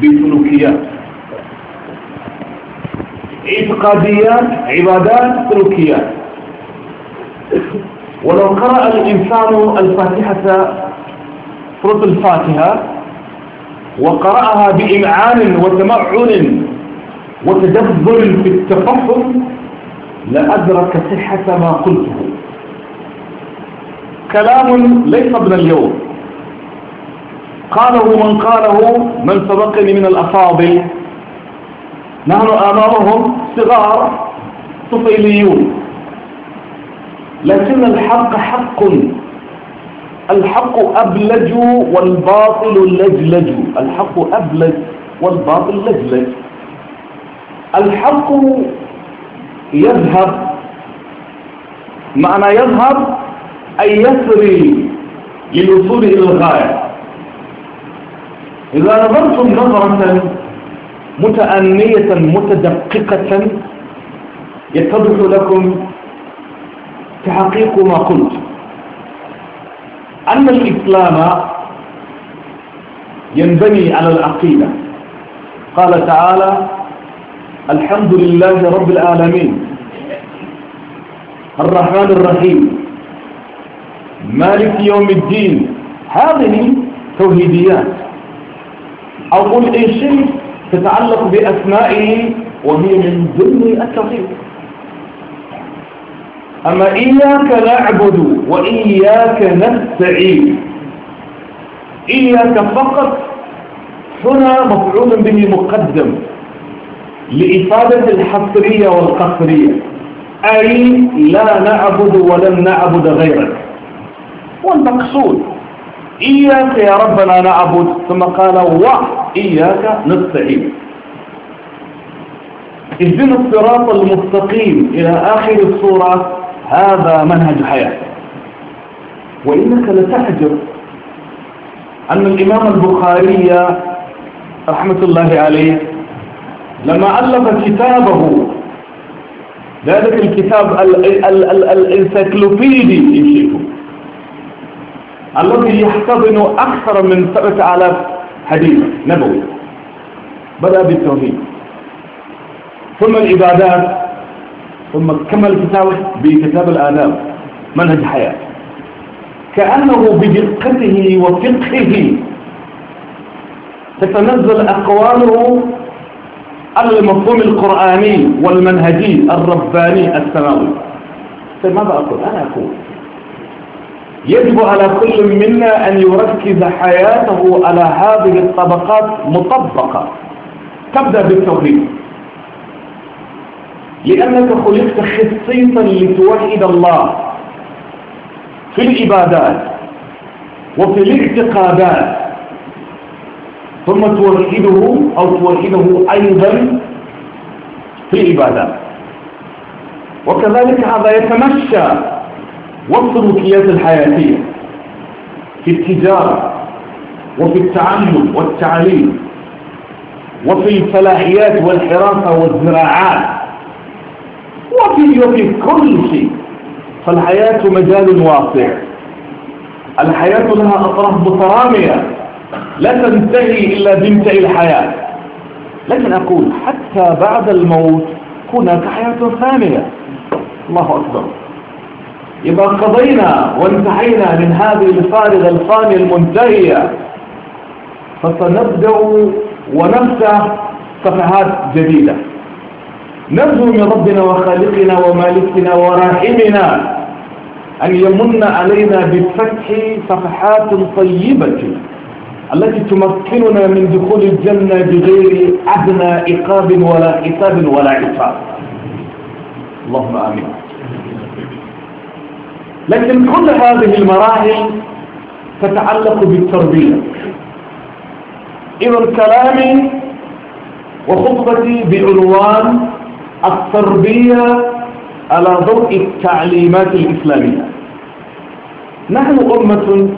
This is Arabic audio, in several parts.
بسلوكيات اعتقاديات عبادات سلوكيات ولو قرأ الإنسان الفاتحة سورة الفاتحة وقرأها بإمعان وتمعن وتدبر في التفهم لأدرك صحة ما قلته كلام ليس من اليوم قاله من قاله من سبقني من الأفاضل نحن آمامهم صغار طفيليون لكن الحق حق الحق أبلج والباطل لجلج الحق أبلج والباطل لجلج الحق يذهب معنى يذهب أي يسري للوصول إلى الغاية إذا نظرتم نظرة متأنية متدققة يتضح لكم تحقيق ما قلت أن الإسلام ينبني على العقيدة قال تعالى الحمد لله رب العالمين الرحمن الرحيم مالك يوم الدين هذه توحيديات أو قل أي شيء تتعلق بأسمائه وهي من ضمن التوحيد أما إياك نعبد وإياك نستعين إياك فقط هنا مفعول به مقدم لإفادة الحصرية والقصرية أي لا نعبد ولن نعبد غيرك والمقصود إياك يا ربنا نعبد ثم قال وإياك نستعين اهدنا الصراط المستقيم إلى آخر الصورة هذا منهج حياة وإنك لتحجر أن الإمام البخاري رحمة الله عليه لما ألف كتابه ذلك الكتاب الانسيكلوبيدي إن شئتم الذي يحتضن أكثر من 7000 حديث نبوي بدأ بالتوحيد ثم العبادات ثم كمل كتابه بكتاب الآداب منهج الحياة كأنه بدقته وفقهه تتنزل أقواله على المفهوم القرآني والمنهجي الرباني السماوي طيب، ماذا أقول أنا أقول يجب على كل منا أن يركز حياته على هذه الطبقات مطبقة تبدأ بالتوحيد لأنك خلقت خصيصا لتوحد الله في العبادات وفي الاعتقادات ثم توحده أو توحده أيضا في العبادات وكذلك هذا يتمشى والسلوكيات الحياتية في التجارة وفي التعلم والتعليم وفي الفلاحيات والحراسة والزراعات وفي وفي كل شيء فالحياة مجال واسع الحياة لها أطراف مترامية لا تنتهي إلا بمتعي الحياة لكن أقول حتى بعد الموت هناك حياة ثانية الله أكبر يبقى قضينا وانتهينا من هذه الفارغة الفانية المنتهية فسنبدأ ونفتح صفحات جديدة نرجو من ربنا وخالقنا ومالكنا وراحمنا أن يمن علينا بفتح صفحات طيبة التي تمكننا من دخول الجنة بغير أدنى إقاب ولا حساب ولا عقاب اللهم آمين لكن كل هذه المراحل تتعلق بالتربية إذا كلامي وخطبتي بعنوان التربية على ضوء التعليمات الإسلامية نحن أمة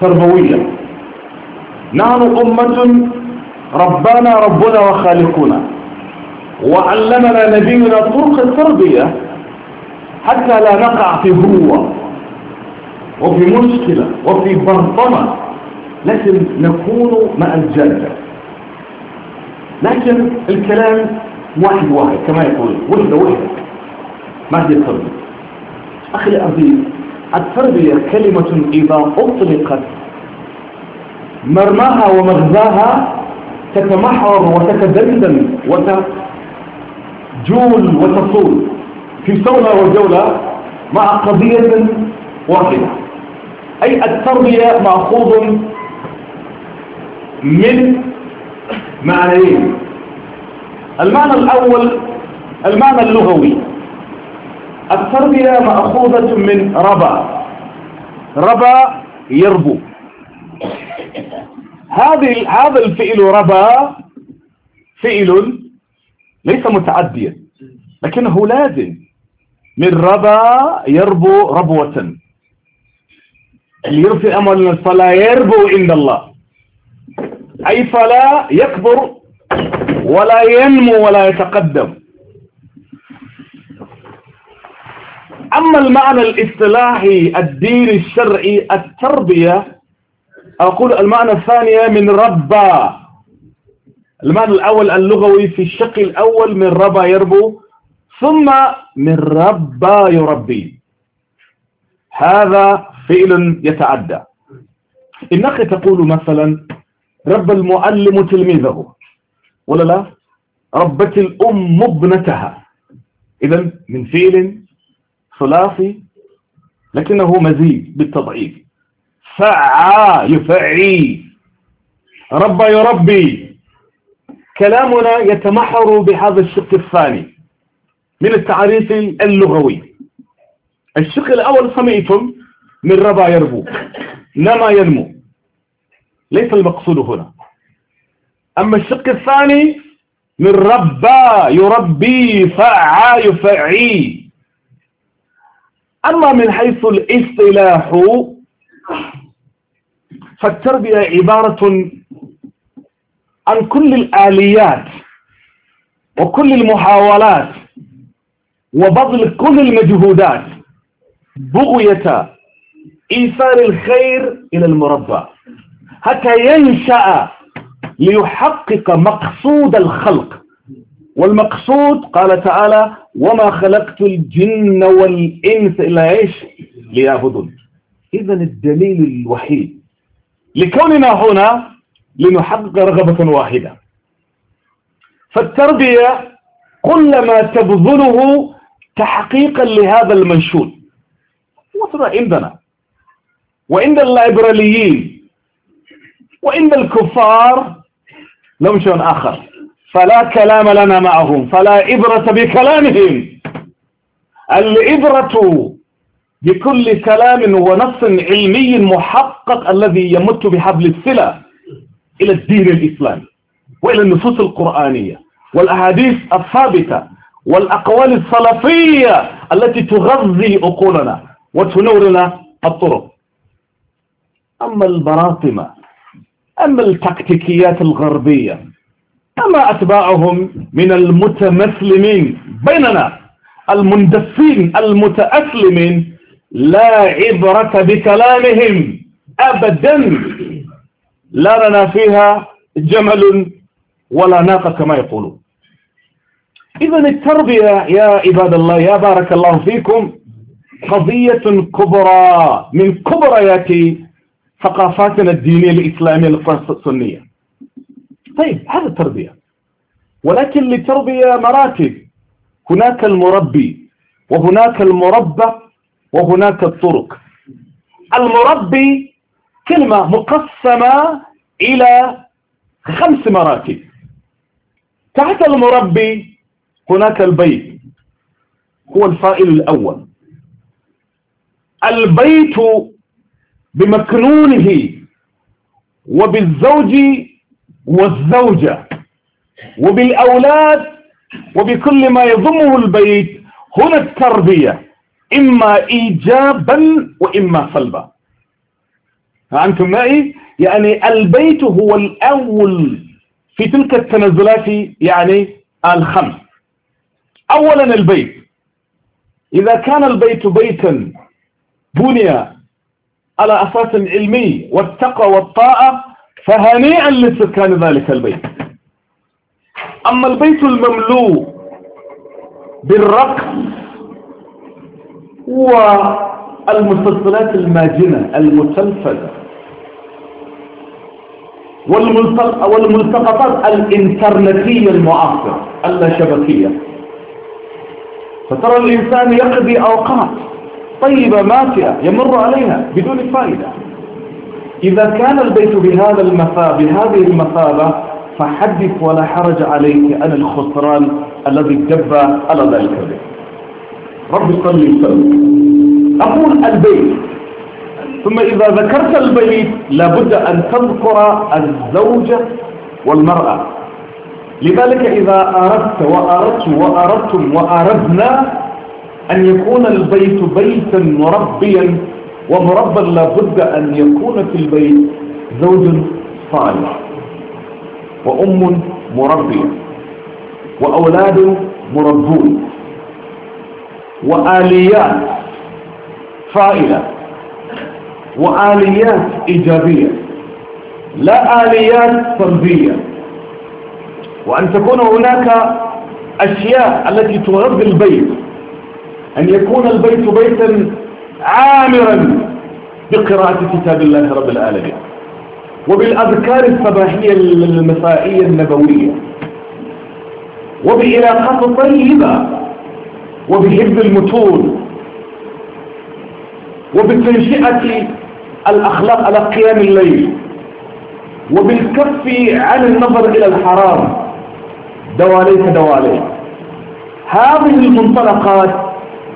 تربوية نحن أمة ربنا ربنا وخالقنا وعلمنا نبينا طرق التربية حتى لا نقع في هوة وفي مشكلة وفي بنطمة لكن نكون مع الجنة لكن الكلام واحد واحد كما يقول وحدة وحدة ما هي التربية أخي العزيز التربية كلمة إذا أطلقت مرماها ومغزاها تتمحور وتتدندن وتجول وتصول في الثورة والجولة مع قضية واحدة أي التربية مأخوذ من معنيين المعنى الأول المعنى اللغوي التربية مأخوذة من ربا ربا يربو هذه هذا الفعل ربا فعل ليس متعديا لكنه لازم من ربا يربو ربوة اللي يرفع أموالنا فلا يربو عند الله أي فلا يكبر ولا ينمو ولا يتقدم أما المعنى الاصطلاحي الدين الشرعي التربية أقول المعنى الثانية من ربا المعنى الأول اللغوي في الشق الأول من ربا يربو ثم من ربى يربي هذا فعل يتعدى إنك تقول مثلا رب المعلم تلميذه ولا لا ربت الأم ابنتها إذا من فعل ثلاثي لكنه مزيد بالتضعيف فعى يفعي رب يربي كلامنا يتمحر بهذا الشق الثاني من التعريف اللغوي الشق الأول سمعتم من ربا يربو نما ينمو ليس المقصود هنا أما الشق الثاني من ربا يربي فعى يفعي أما من حيث الاصطلاح فالتربية عبارة عن كل الآليات وكل المحاولات وبذل كل المجهودات بغية إيصال الخير إلى المربى حتى ينشأ ليحقق مقصود الخلق والمقصود قال تعالى وما خلقت الجن والإنس إلا إيش ليعبدون إذا الدليل الوحيد لكوننا هنا لنحقق رغبة واحدة فالتربية كلما تبذله تحقيقا لهذا المنشود وصل عندنا وعند الليبراليين وعند الكفار لهم شيء آخر فلا كلام لنا معهم فلا عبرة بكلامهم العبرة بكل كلام ونص علمي محقق الذي يمت بحبل السلة إلى الدين الإسلامي وإلى النصوص القرآنية والأحاديث الثابتة والأقوال السلفية التي تغذي عقولنا وتنور لنا الطرق أما البراطمة أما التكتيكيات الغربية أما أتباعهم من المتمسلمين بيننا المندسين المتأسلمين لا عبرة بكلامهم أبدا لا لنا فيها جمل ولا ناقة كما يقولون إذا التربية يا عباد الله يا بارك الله فيكم قضية كبرى من كبريات ثقافاتنا الدينية الإسلامية السنية طيب هذا التربية ولكن للتربية مراتب هناك المربي وهناك المربى وهناك الطرق المربي كلمة مقسمة إلى خمس مراتب تحت المربي هناك البيت هو الفائل الأول البيت بمكنونه وبالزوج والزوجة وبالأولاد وبكل ما يضمه البيت هنا التربية إما إيجابا وإما سلبا فأنتم معي يعني البيت هو الأول في تلك التنزلات يعني الخمس أولا البيت إذا كان البيت بيتا بني على أساس علمي والتقى والطاعة فهنيئا لسكان ذلك البيت أما البيت المملوء بالرقص والمسلسلات الماجنة المسلسلة والملتقطات الإنترنتية المعاصرة اللاشبكية فترى الإنسان يقضي أوقات طيبة ماتئة يمر عليها بدون فائدة إذا كان البيت بهذا المثابة بهذه المثابة فحدث ولا حرج عليك عن الخسران الذي دب على ذلك البيت رب صلي وسلم أقول البيت ثم إذا ذكرت البيت لابد أن تذكر الزوجة والمرأة لذلك إذا أردت وأردت وأردتم وأردنا أن يكون البيت بيتا مربيا ومربا لابد أن يكون في البيت زوج صالح وأم مربية وأولاد مربون وآليات فائلة وآليات إيجابية لا آليات سلبية وأن تكون هناك أشياء التي تغذي البيت أن يكون البيت بيتا عامرا بقراءة كتاب الله رب العالمين وبالأذكار الصباحية المسائية النبوية وبإلاقات طيبة وبحفظ المتون وبتنشئة الأخلاق على قيام الليل وبالكف عن النظر إلى الحرام دواليك دواليك هذه المنطلقات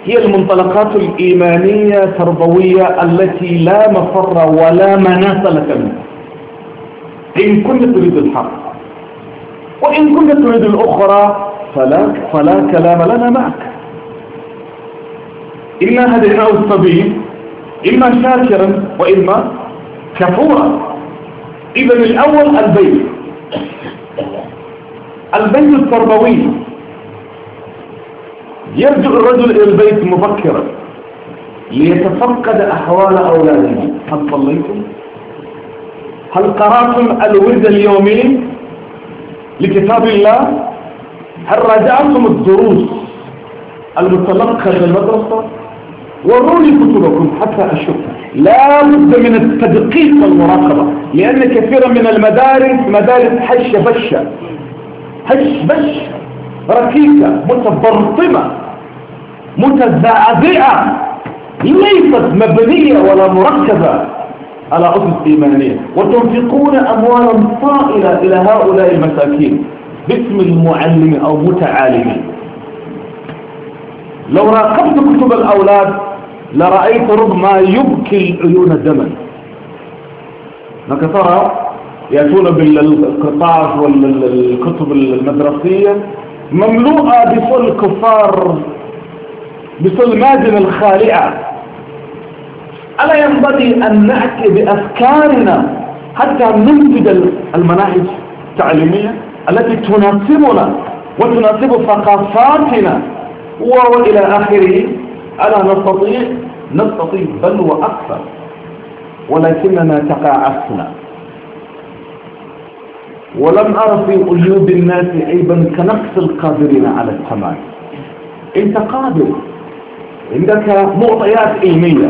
هي المنطلقات الإيمانية التربوية التي لا مفر ولا مناس لك منها إن كنت تريد الحق وإن كنت تريد الأخرى فلا, فلا كلام لنا معك إنا هديناه السبيل إما شاكرا وإما كفورا إذا الأول البيت البني التربوي يرجع الرجل إلى البيت مبكرا ليتفقد أحوال أولاده هل صليتم؟ هل قرأتم الورد اليومي لكتاب الله؟ هل راجعتم الدروس المتلقى للمدرسة؟ المدرسة؟ وروني كتبكم حتى أشوف لا بد من التدقيق والمراقبة لأن كثيرا من المدارس مدارس حشة بشة هشبش بش ركيكة متبرطمة متزعزعة ليست مبنية ولا مركبة على أسس إيمانية وتنفقون أموالا طائلة إلى هؤلاء المساكين باسم المعلم أو متعالم لو راقبت كتب الأولاد لرأيت ربما يبكي العيون دما لك ترى يأتون بالقطاف والكتب المدرسية مملوءة بصل الكفار بصلماتنا الخالعة ألا ينبغي أن نأتي بأفكارنا حتى ننجد المناهج التعليمية التي تناسبنا وتناسب ثقافاتنا وإلى آخره ألا نستطيع نستطيع بل وأكثر ولكننا تقاعسنا ولم أرى في قلوب الناس عيبا كنقص القادرين على التمام انت قادر عندك معطيات علمية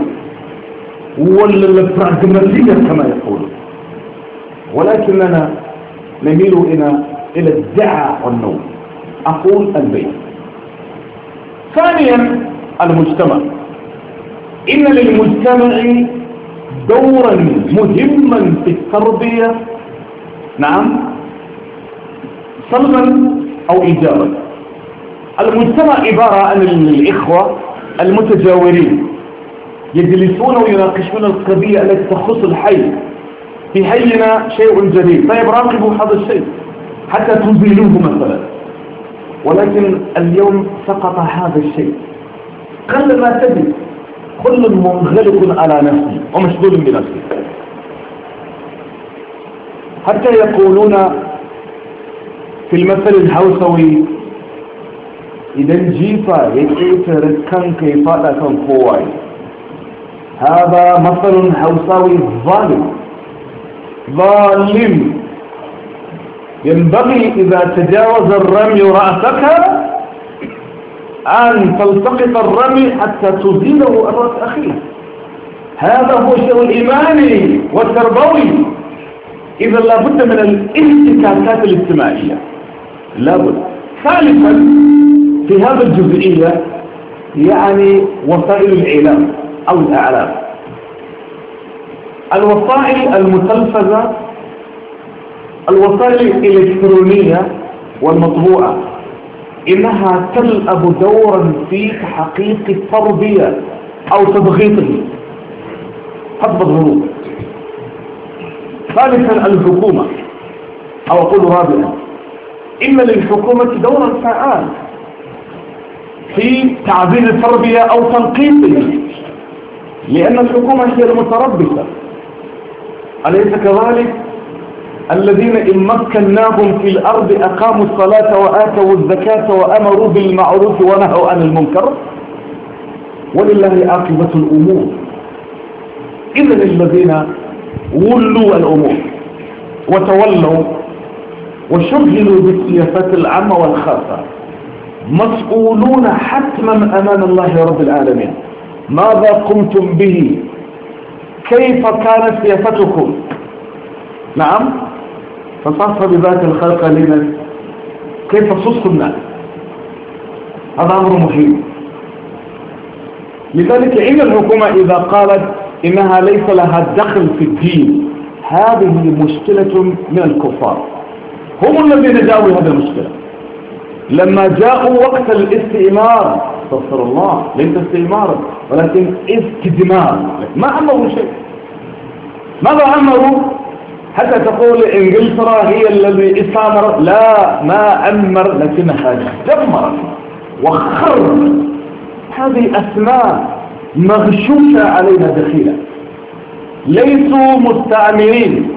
والبراغماتية كما يقول ولكننا نميل إلى إلى الدعاء والنوم أقول البيت ثانيا المجتمع إن للمجتمع دورا مهما في التربية نعم صلبا أو إيجابا المجتمع عبارة عن الإخوة المتجاورين يجلسون ويناقشون القضية التي تخص الحي في حينا شيء جديد طيب راقبوا هذا الشيء حتى تزيلوه مثلا ولكن اليوم سقط هذا الشيء قل ما تجد كل منغلق على نفسه ومشغول بنفسه حتى يقولون في المثل الهوسوي إذا الجيفة ya ƙetare kanka ya هذا مثل kowaye ظالم ظالم ينبغي إذا تجاوز الرمي رأسك أن تلتقط الرمي حتى تزيله الرأس رأس أخيه هذا هو الشيء الإيماني والتربوي إذا لابد من الانتكاسات الاجتماعية لابد ثالثا في هذا الجزئية يعني وسائل الإعلام أو الأعلام الوسائل المتلفزة الوسائل الإلكترونية والمطبوعة إنها تلعب دورا في تحقيق التربية أو تضغيطه حفظ الظروف ثالثا الحكومة أو أقول رابعا إن للحكومة دورا فعال في تعزيز التربية أو تنقيصها لأن الحكومة هي المتربصة أليس كذلك الذين إن مكناهم في الأرض أقاموا الصلاة وآتوا الزكاة وأمروا بالمعروف ونهوا عن المنكر ولله عاقبة الأمور إذا الذين ولوا الأمور وتولوا وشغلوا بالسياسات العامة والخاصة مسؤولون حتما أمام الله رب العالمين ماذا قمتم به كيف كانت سياستكم نعم فصف بذات الخلق لنا كيف الناس هذا أمر مهم لذلك عند الحكومة إذا قالت إنها ليس لها دخل في الدين هذه مشكلة من الكفار هم الذين جاءوا هذه المشكلة لما جاءوا وقت الاستئمار استغفر الله ليس استئمارا ولكن استدمار ما أمروا شيء ماذا أمروا حتى تقول إنجلترا هي الذي استعمرت لا ما أمر لكنها دمرت وخر هذه أسماء مغشوشة عليها دخيلة ليسوا مستعمرين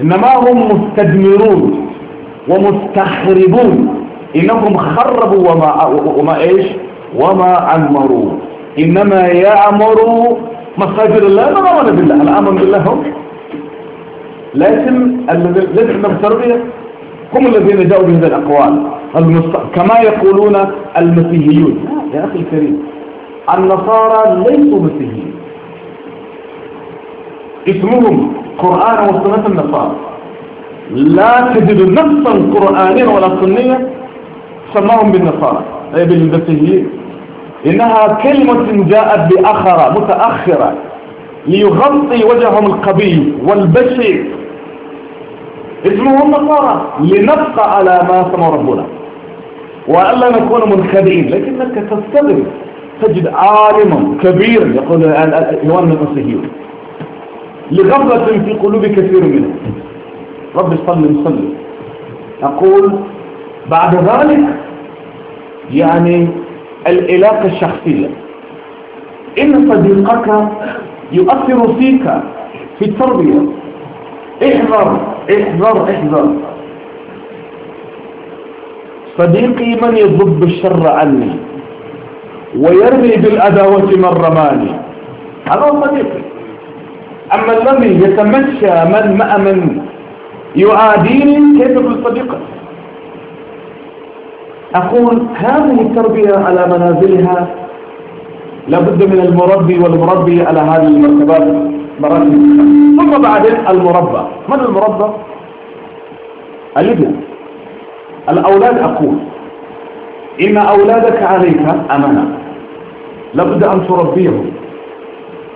إنما هم مستدمرون ومستخربون إنهم خربوا وما, وما إيش وما عمروا إنما يعمروا مساجد الله لا رمنا بالله الآمن بالله هم لكن ليس عندهم تربية هم الذين جاءوا بهذه الأقوال كما يقولون المسيحيون آه، يا أخي الكريم النصارى ليسوا مسيحيين اسمهم قرآن وسنة النصارى لا تجد نصا قرآنيا ولا سنيا سماهم بالنصارى أي بالمسيحيين إنها كلمة جاءت بأخرة متأخرة ليغطي وجههم القبيح والبشع اسمهم نصارى لنبقى على ما سمى ربنا وألا نكون منخدعين لكنك تستغرب تجد عالما كبيرا يقول الإخوان المسيحيون لغفلة في قلوب كثير منهم رب صلي وسلم أقول بعد ذلك يعني العلاقة الشخصية إن صديقك يؤثر فيك في التربية احذر احذر احذر صديقي من يضب الشر عني ويرمي بالأدوة من رماني هذا هو صديقي أما الذي يتمشى من مأمن يعاديني كيف يكون صديقا أقول هذه التربية على منازلها لابد من المربي والمربي على هذه المرتبات مراتب ثم بعدين المربى من المربى الابن الأولاد أقول إن أولادك عليك أمانة لابد أن تربيهم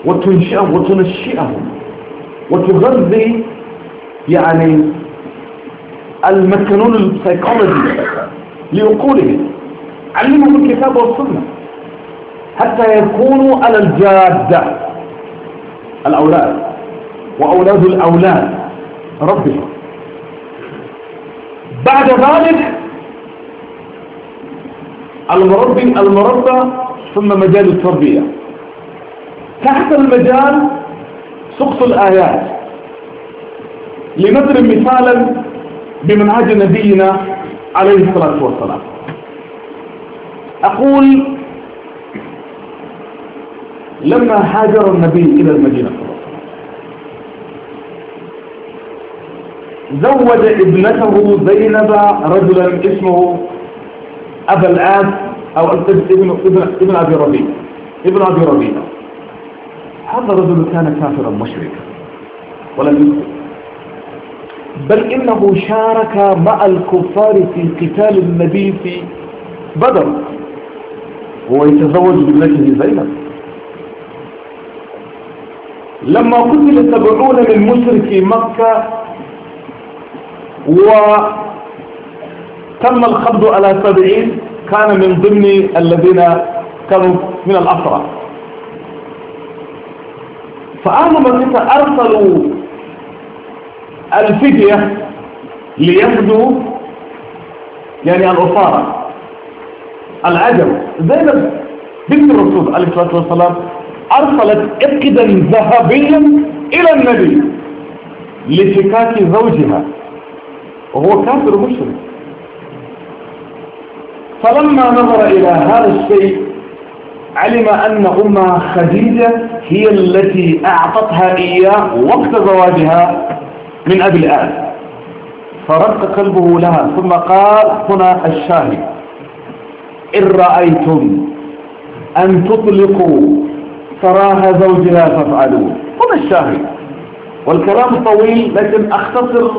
وتنشئهم وتنشئهم وتغذي يعني المكنون السيكولوجي لعقولهم علمهم الكتاب والسنة حتى يكونوا على الجادة الأولاد وأولاد الأولاد ربهم بعد ذلك المربي المربى ثم مجال التربية تحت المجال سقط الآيات لنضرب مثالا بمنهج نبينا عليه الصلاة والسلام أقول لما هاجر النبي إلى المدينة زوج ابنته زينب رجلا اسمه أبا العاص أو ابن ابن ابن أبي ربيعه ابن أبي ربيعه هذا الرجل كان كافرا مشركا ولم يكن بل إنه شارك مع الكفار في قتال النبي في بدر هو يتزوج بابنته زينب لما قتل سبعون من مشركي مكة وتم القبض على سبعين كان من ضمن الذين كانوا من الأسرى فأهل مكة أرسلوا الفدية ليفدوا يعني الأسارة العجم زينب بنت الرسول عليه الصلاة والسلام أرسلت إبقدا ذهبيا إلى النبي لفكاك زوجها وهو كافر مشرك فلما نظر إلى هذا الشيء علم أن أمها خديجة هي التي أعطتها إياه وقت زواجها من أبي الآن فرق قلبه لها ثم قال هنا الشاهد إن رأيتم أن تطلقوا فراها زوجها فافعلوا هنا الشاهد والكلام طويل لكن أختصر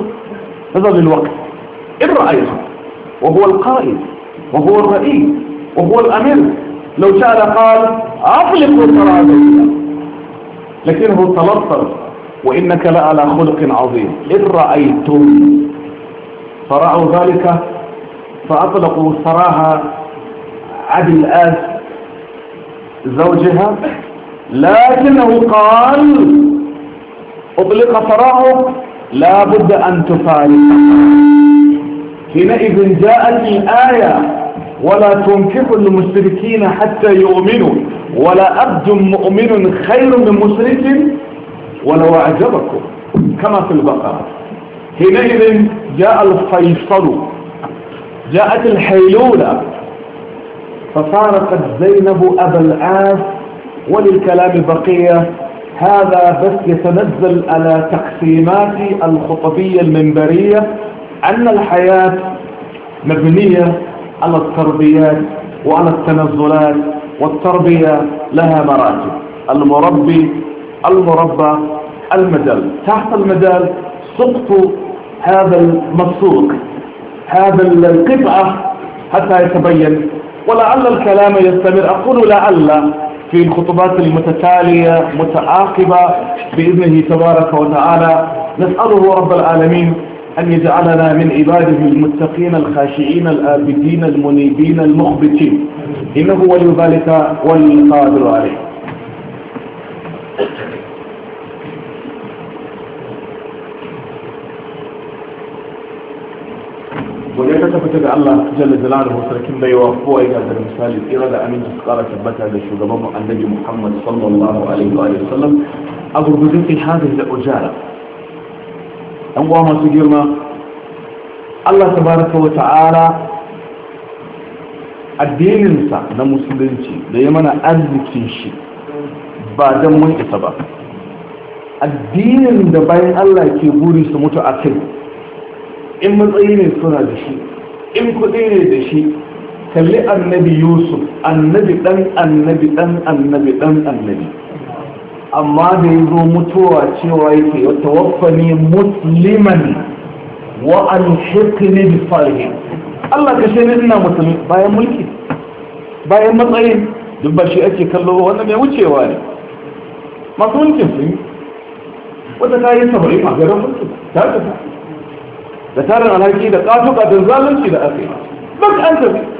هذا للوقت إن رأيتم وهو القائد وهو الرئيس وهو الأمير لو شاء قال أطلق وصر لكنه تلطف وإنك لعلى خلق عظيم إن رأيتم فرأوا ذلك فأطلقوا سراها عبد الآس زوجها لكنه قال أطلق سراحك لا بد أن تفعل حينئذ جاءت الآية ولا تنكحوا المشركين حتى يؤمنوا ولا أبد مؤمن خير من مشرك ولو أعجبكم كما في البقرة حينئذ جاء الفيصل جاءت الحيلولة ففارقت زينب أبا العاص وللكلام بقية هذا بس يتنزل على تقسيمات الخطبية المنبرية أن الحياة مبنية على التربيات وعلى التنزلات والتربية لها مراتب المربي المربى المدل تحت المدل سقط هذا المسوق هذا القطعة حتى يتبين ولعل الكلام يستمر أقول لعل في الخطبات المتتالية متعاقبة بإذنه تبارك وتعالى نسأله رب العالمين أن يجعلنا من عباده المتقين الخاشعين الآبدين المنيبين المخبتين إنه ولي ذلك القادر عليه وليس تفتك الله جل جلاله وسلكم بي وفوه إذا ذا المثال الإرادة أمين تسقال تبتها النبي محمد صلى الله عليه وآله وسلم أقول بذلك هذه الأجارة ɗan uwa masu girma Allah Ta baraka wa ta'ala addininsa na musulunci da ya mana arzikin shi ba don mun isa ba addinin da bayan Allah ke buri su mutu a kai in matsayi ne suna da shi in kuɗi ne da shi kalli annabi yusuf annabi ɗan annabi ɗan annabi ɗan annabi amma da ya zo mutuwa cewa yake wata waffani musliman wa an shirkini bi salihin Allah ka shaidar ina musulmi bayan mulki bayan matsayin duk ba shi ake kallo wanda mai wucewa ne masu mulkin sun yi wata ta yi saba'in a garin mulki ta tafi da tarin alhaki da ƙato ƙaton zalunci da aka yi duk an tafi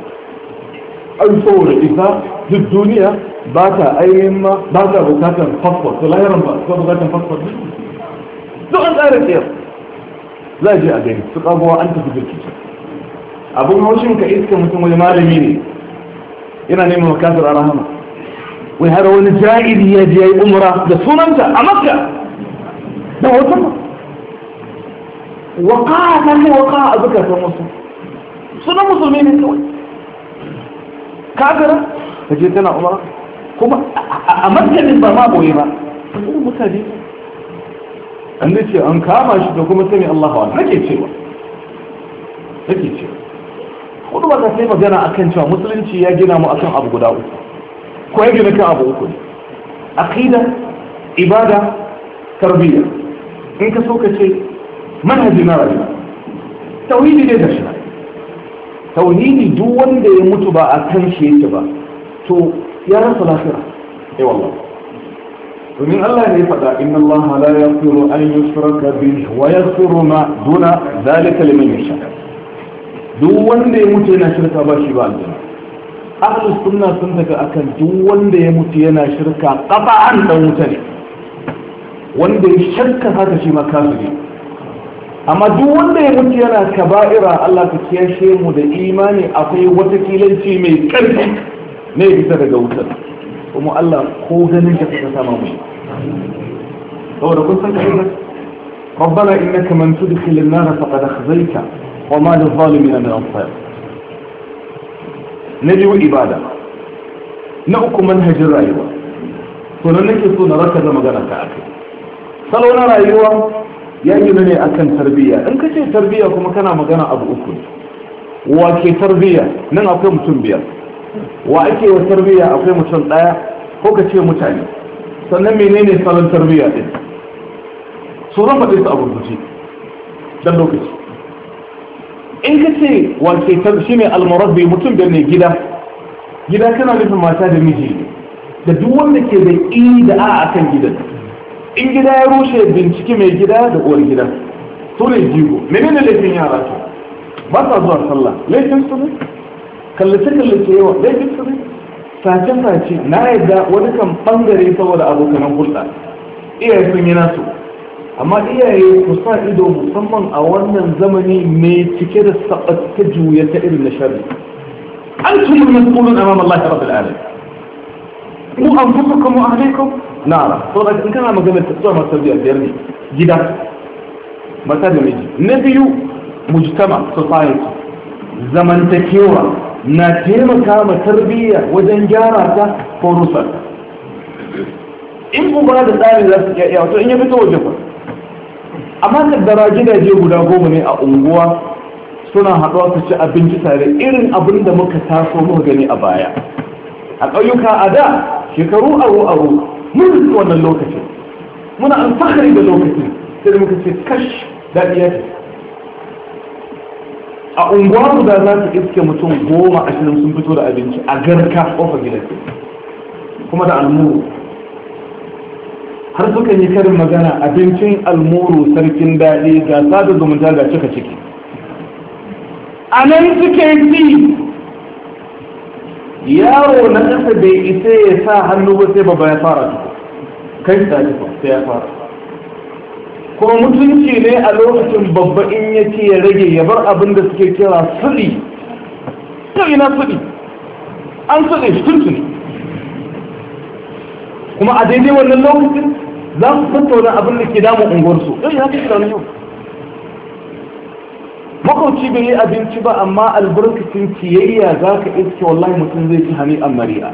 ai saboda isa duk duniya ba ta ainihin ma ba ta bukatar fasfot to lahiran ba su bukatar fasfot ne duk an tsara tsayar za a je a gani su kagowa an tafi jirki abin haushin ka iska mutum wani malami ne yana neman makasar arahama wai har wani ja'iri ya je ya yi umra da sunanta a makka da wata waka ta ne waka a zukatan wasu sunan musulmi ne kawai kagara da je tana umara kuma a martanin ba ma boye ba irin mutane an da ce an kama shi da kuma sami Allah wa nake cewa nake cewa kudu ba ta sai magana kan cewa musulunci ya gina mu akan abu guda uku ko ya gina kan abu uku ne aqida ibada tarbiyya in ka so ka ce manhaji na rayuwa tauhidi ne da shi tauhidi duk wanda ya mutu ba a kan shi yake ba to ya rasa lafiya eh wallah domin Allah ne ya faɗa inna Allah la yaghfiru an yushraka bihi wa yaghfiru ma duna zalika liman yasha duk wanda ya mutu yana shirka ba shi ba aljanna ahlus sunna sun daga akan duk wanda ya mutu yana shirka qata'an da wuta ne wanda ya shirka haka shi ma kafiri amma duk wanda ya mutu yana kaba'ira Allah ka kiyashe mu da imani akwai wata kilanci mai karfi ne bisa daga wutar kuma Allah ko ganin ka saka sama mu saboda kun san kai ربنا إنك من تدخل النار فقد أخزيت وما للظالمين من أنصار نجو إبادة نأكو منهج الرأيوة سننك سنركز مغانا كأكي صلونا رأيوة ya gina ne akan tarbiyya in ka ce tarbiyya kuma kana magana abu uku wa ke tarbiyya nan akwai mutum biyar wa ake wa tarbiyya akwai mutum daya ko ka ce mutane sannan menene salon tarbiyya din su zan faɗi su abu guji dan lokaci in ka ce wa ke tarbiyya shine almurabbi mutum biyar ne gida gida kana nufin mata da miji da duk wanda ke da i da a akan gidan in gida ya rushe bincike mai gida da uwar gida to ne jigo menene laifin yara ce ba sa zuwa sallah laifin su ne kallace kallace yawa laifin su ne sace sace na yadda wani kan bangare saboda abokanan hulɗa iyaye sun yi nasu amma iyaye ku sa ido musamman a wannan zamani mai cike da sabbata juya ta irin na shari an tumul mas'ulun amma Allah rabbil alamin mu anfusukum a ahlikum na to da in kana magana ta tsawon tarbiyya ne gida mata da miji na biyu mujtama society zamantakewa na taimaka ma tarbiyya wajen gyara ta ko rusa in uba da tsari za su iya wato in ya fito waje ba amma kaddara gidaje guda goma ne a unguwa suna haɗuwa su ci abinci tare irin abin da muka taso muka gani a baya a ƙauyuka a da shekaru aro aro mun wannan lokacin muna alfahari da lokacin sai da muka ce kash daɗi ce. a unguwarmu da za ta iske mutum goma a shirin sun fito da abinci a garka ofa gida kuma da almuru har suka yi karin magana abincin almuru sarkin daɗi ga sada zumunta ga cika ciki a nan suke yi yaro na ƙasa bai isa ya sa hannu ba sai babba ya fara su kai ta ba sai ya fara kuma mutunci ne a lokacin babba in ya ce ya rage ya bar abin da suke kira suli yau ina suli an suli tun tuntuni kuma a daidai wannan lokacin za su tattauna abin da ke damun unguwarsu yau ya da wani yau makwabci bai yi abinci ba amma albarkacin kiyayya za ka iske wallahi mutum zai ci hani a mari'a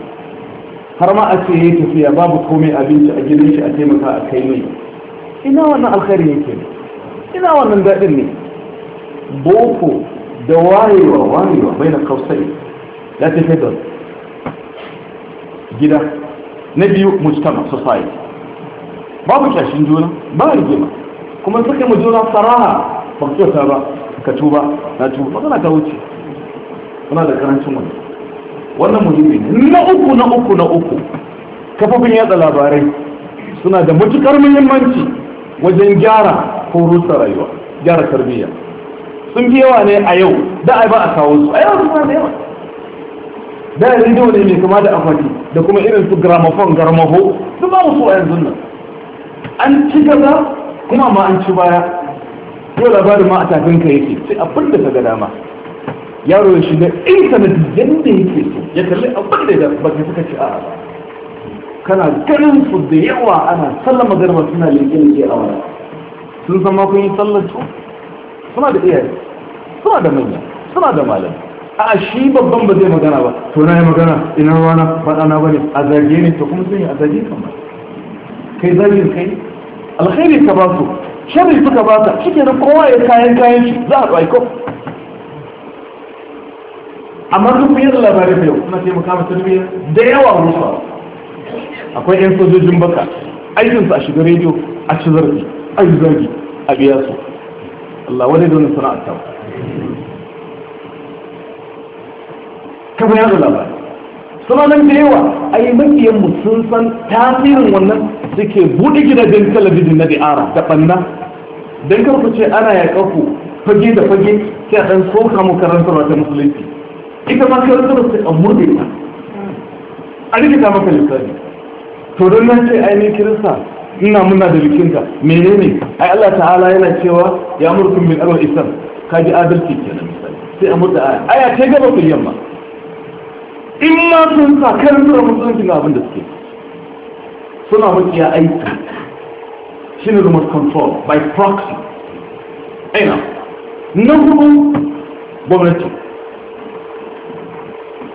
har ma a ce yayi tafiya babu komai abinci a gidan shi a taimaka a kai mai ina wannan alkhairi yake ne ina wannan daɗin ne boko da wayewa wayewa bai na kausai ya tafi da gida na biyu mujtama society babu kyashin juna ba rigima kuma suka mu juna faraha ba kyauta ba ka tuba na tuba magana ta wuce suna da karancin wani wannan muhimmi ne na uku na uku na uku kafofin yatsa labarai suna da matukar muhimmanci wajen gyara ko rusa rayuwa gyara tarbiyya sun fi yawa ne a yau da ai ba a kawo su a yau suna da yawa da ya rediyo ne mai kama da akwati da kuma irin su gramofon garmaho su ba mu so a yanzu nan an ci gaba kuma ma an ci baya yau labarin ma a tafin ka yake sai abin da ka ga dama yaro ya shiga intanet yadda yake so ya kalli abin da ba ka suka ci a'a kana ganin su da yawa ana sallar magarba suna leƙe-leƙe a wani sun san ma kun yi sallar su suna da iyaye suna da manya suna da malam a shi babban ba zai magana ba to na yi magana ina rana ba ɗana ba ne a zage ne to kuma sun yi a zage Kamar kai zagin kai alkhairi ka ba su sharri suka ba ta shi kenan kowa ya kayan kayan shi za a ko amma duk yin labarin biyu kuma sai mu kama tarbiyyar da yawa rusa akwai yan sojojin baka su a shiga rediyo a ci zargi, a yi zargi a biya su Allah wani da wani sana'a ta ka bayan da labarin suna nan da yawa yi mafiyan sun san tasirin wannan suke buɗe gidajen talabijin na da'ara da ɓanna don karku ce ana ya ƙafu fage da fage sai a ɗan soka mu karantar wata musulunci ita ma karantar sai a murɗe ta a rikita maka lissafi to don nan ce ainihin kirista ina muna da bikinka menene ai Allah ta'ala yana cewa ya murkum min arwa isan kaji adalci kenan misali sai a murda aya aya ta gaba ku yamma in ma sun sa karin tura musulunci ga abin da suke suna ya aiki shi ne remote control by proxy aina na hudu gwamnati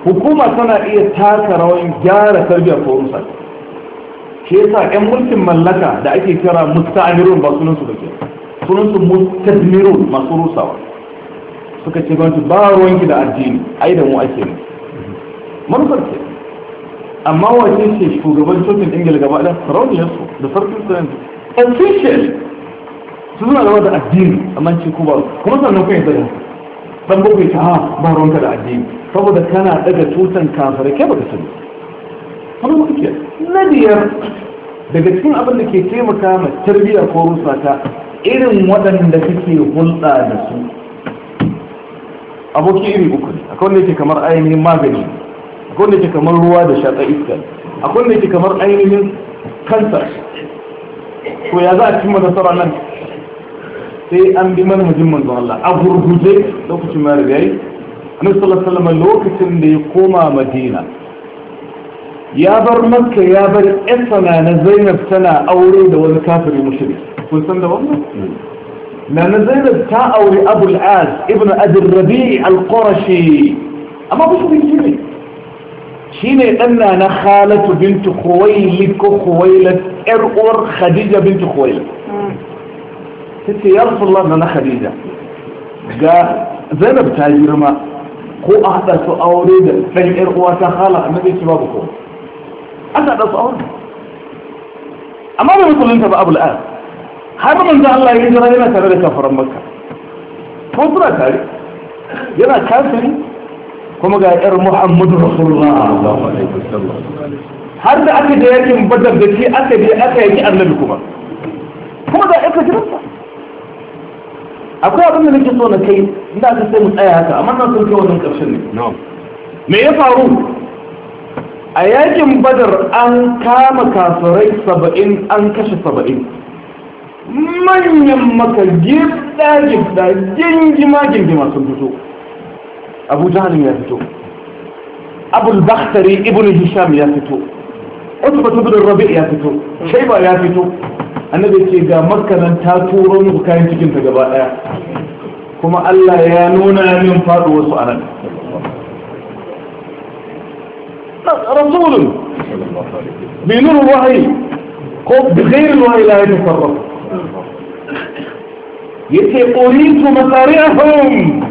hukuma tana iya taka rawar gyara tarbiyyar ko musa shi yasa yan mulkin mallaka da ake kira musta'amirun ba sunansu da ke sunansu mustadmirun masu rusawa suka ce gwamnati ba ruwanki da addini ai da mu ake ne manufar ce amma wace ce shugaban cocin ingila gaba sarauniya su da sarkin sayan official su suna gaba da addini amma ce ku ba kuma sannan kun yi da ɗan dan bakwai ta ha ah, ba ronka da addini saboda kana daga tutan kafirai ke baka sani kuma muka ce na biyar daga cikin abin da ke taimaka ma tarbiyya ko rusa ta irin waɗanda kake hulɗa da su aboki iri uku ne akwai wanda yake kamar ainihin magani akwai da ke kamar ruwa da shaƙa iska akwai da ke kamar ainihin kansa to ya za a cimma nasara nan sai an bi mana mujin manzon Allah a gurguje lokacin ma riga yi annabi sallallahu alaihi wasallam lokacin da ya koma madina ya bar makka ya bar Isma na zainab tana aure da wani kafiri mushrik kun san da wannan na na zainab ta aure Abu al-As ibn adir rabi al-qurashi amma ba mushrik ne shine danna na Khalatu bintu Khuwailid ko Khuwailid ƴar uwar Khadija bintu Khuwailid tace ya Rasulullah na na Khadija ga Zainab ta girma ko a hada su aure da dan ƴar uwa ta Khala annabi ce babu ko aka hada su aure amma bai musulunta ba abul an har manzo Allah ya jira yana tare da kafaran Makka ko tura tare yana kafiri kuma ga yar muhammadu rasulullah har da aka da yakin badar da shi aka bi aka yi annabi kuma kuma ga aka jiransa akwai abin da nake so na kai inda aka sai mu tsaya haka amma na sun kai wannan karshen ne me ya faru a yakin badar an kama kafirai saba'in an kashe saba'in manyan maka gifta gifta gingima gingima sun fito أبو جهل يفتو أبو البختري ابن هشام يفتو أطبة ابن الربيع يفتو شيبة يفتو النبي سيقى مركزا تاتورون وكاين تجين تقبائيا كما ألا يانون أمين فاتو وسؤالا رسول بنور الوحي قوب بخير الوحي لا يتفرق يتقوليت مصارعهم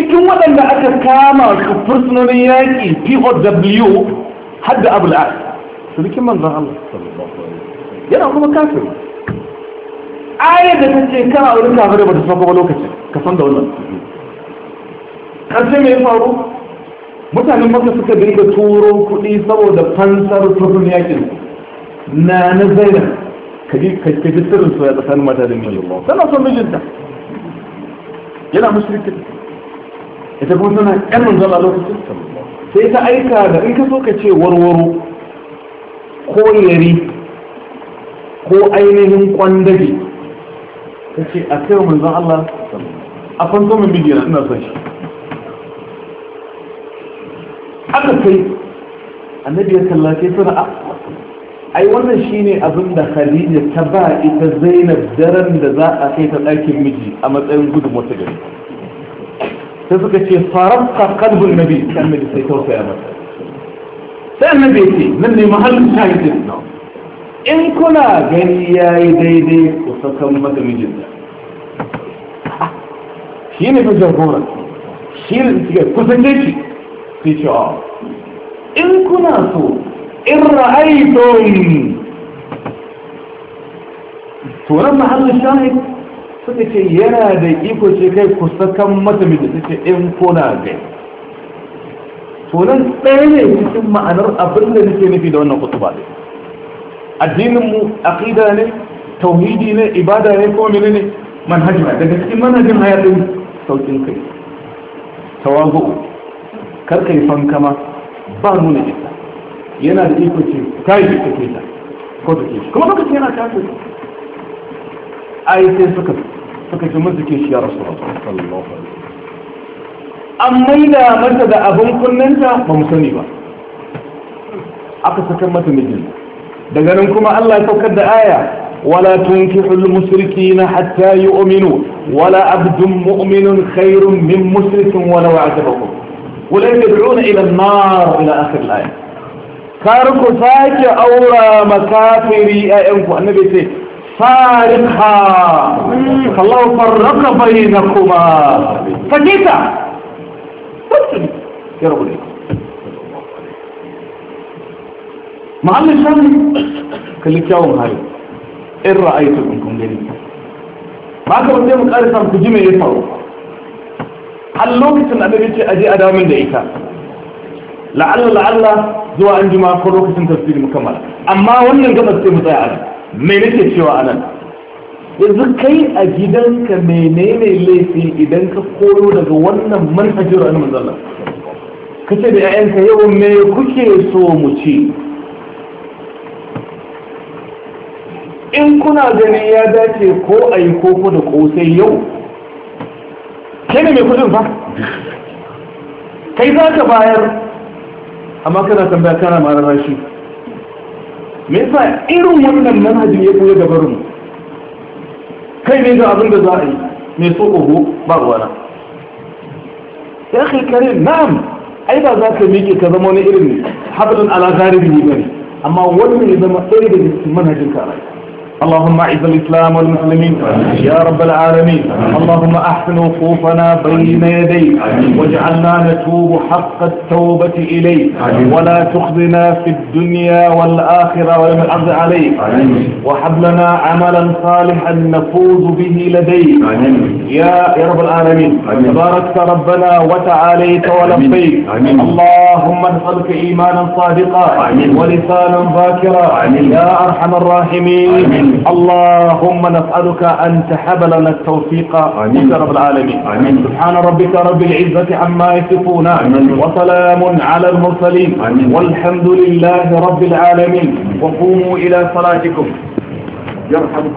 cikin waɗanda aka kama su fursunonin yaƙi POW hadda Abu al-As sarkin manzon Allah yana kuma kafin ayar da ta ce kana wurin kafir ba ta san ba lokaci, ka san da wannan ƙarshe mai faru mutanen maka suka dinga turo kuɗi saboda fansar fursun yaƙin na na zainab ka ji sirrin soya tsakanin mata da mijin tana son mijinta yana mushrikin ita kuma tana ƴan manzon a lokacin sai ta aika da in ka so ka ce warwaro ko yari ko ainihin kwandage ta ce a kai manzon Allah a fanto min bigina ina son shi aka kai annabi ya tallafi suna a ai wannan shine abin da khadija ta ba ita zainab daren da za a kai ta ɗakin miji a matsayin gudun wata gari تفكر في فرق قلب النبي كان النبي سيتوفى أمر سأل النبي تي من لي مهل شاهد ابنه إن كنا جنيا يديدي وصلتهم مدر من جنة شين يفجر بورا شين يفجر كسجيش في شعار إن كنا سو إن رأيتم سورة محل الشاهد suka ce yana da iko ce kai kusa kan mata miji suke in kuna gai to nan ɗaya ne cikin ma'anar abin da nake nufi da wannan kutuba ne addinin mu aqida ne tauhidi ne ibada ne ko ne manhaji ne daga cikin manhajin hayatin saukin kai tawagu kar kai fankama ba nuna ita yana da iko ce kai da ke ta ko da ke kuma ce yana kafin ai sai suka suka ce يا رسول shi ya الله عليه وسلم mata da abin kunnanta ba mu sani ba aka sakar mata mijin daga nan kuma Allah ya saukar da aya ولا تنكحوا المشركين حتى يؤمنوا ولا عبد مؤمن خير من مشرك ولو عذبكم ولا يدعون إلى النار إلى آخر الآية كاركو ساكي أورا مكافري أيامكم النبي سيد فارقها فالله فرق بينكما فجيتا يا رب قال لي شامل قال لي يا هاي ان رايت منكم جديد ما كان بدي من قارصه في جميع يفروا هل لوكتن ابي يجي اجي ادام من ايتا لعل لعل zuwa عندي ما ko lokacin tafsiri mukammala amma wannan gabas قبل mu مطيع a mai nake cewa anan yanzu kai a gidanka menene laifi idan ka koyo daga wannan manhajar wani manzala ka ce da 'ya'yanka yau me kuke so mu ci in kuna gani ya dace ko a yi koko da kosai yau kai ne mai kudin fa kai za ka bayar amma kana tambaya kana mara shi me yasa irin wannan manhajin ya koya barin kai ne ga abin da za a yi mai so ba ruwana ya kai kare na'am ai ba za ka miƙe ka zama wani irin hablun ala garibi ne bane amma wannan ya zama ɗaya daga manhajin ka اللهم اعز الإسلام والمسلمين يا رب العالمين اللهم أحسن وقوفنا بين يديك واجعلنا نتوب حق التوبة إليك ولا تخزنا في الدنيا والآخرة ويوم العرض عليك وحب لنا عملا صالحا نفوز به لديك يا يا رب العالمين تباركت ربنا وتعاليت ولبيك اللهم نسألك إيمانا صادقا ولسانا باكرا يا أرحم الراحمين اللهم نسألك أن تحب لنا التوفيق يا رب العالمين آمين. سبحان ربك رب العزة عما يصفون وسلام على المرسلين آمين. والحمد لله رب العالمين وقوموا إلى صلاتكم يرحمكم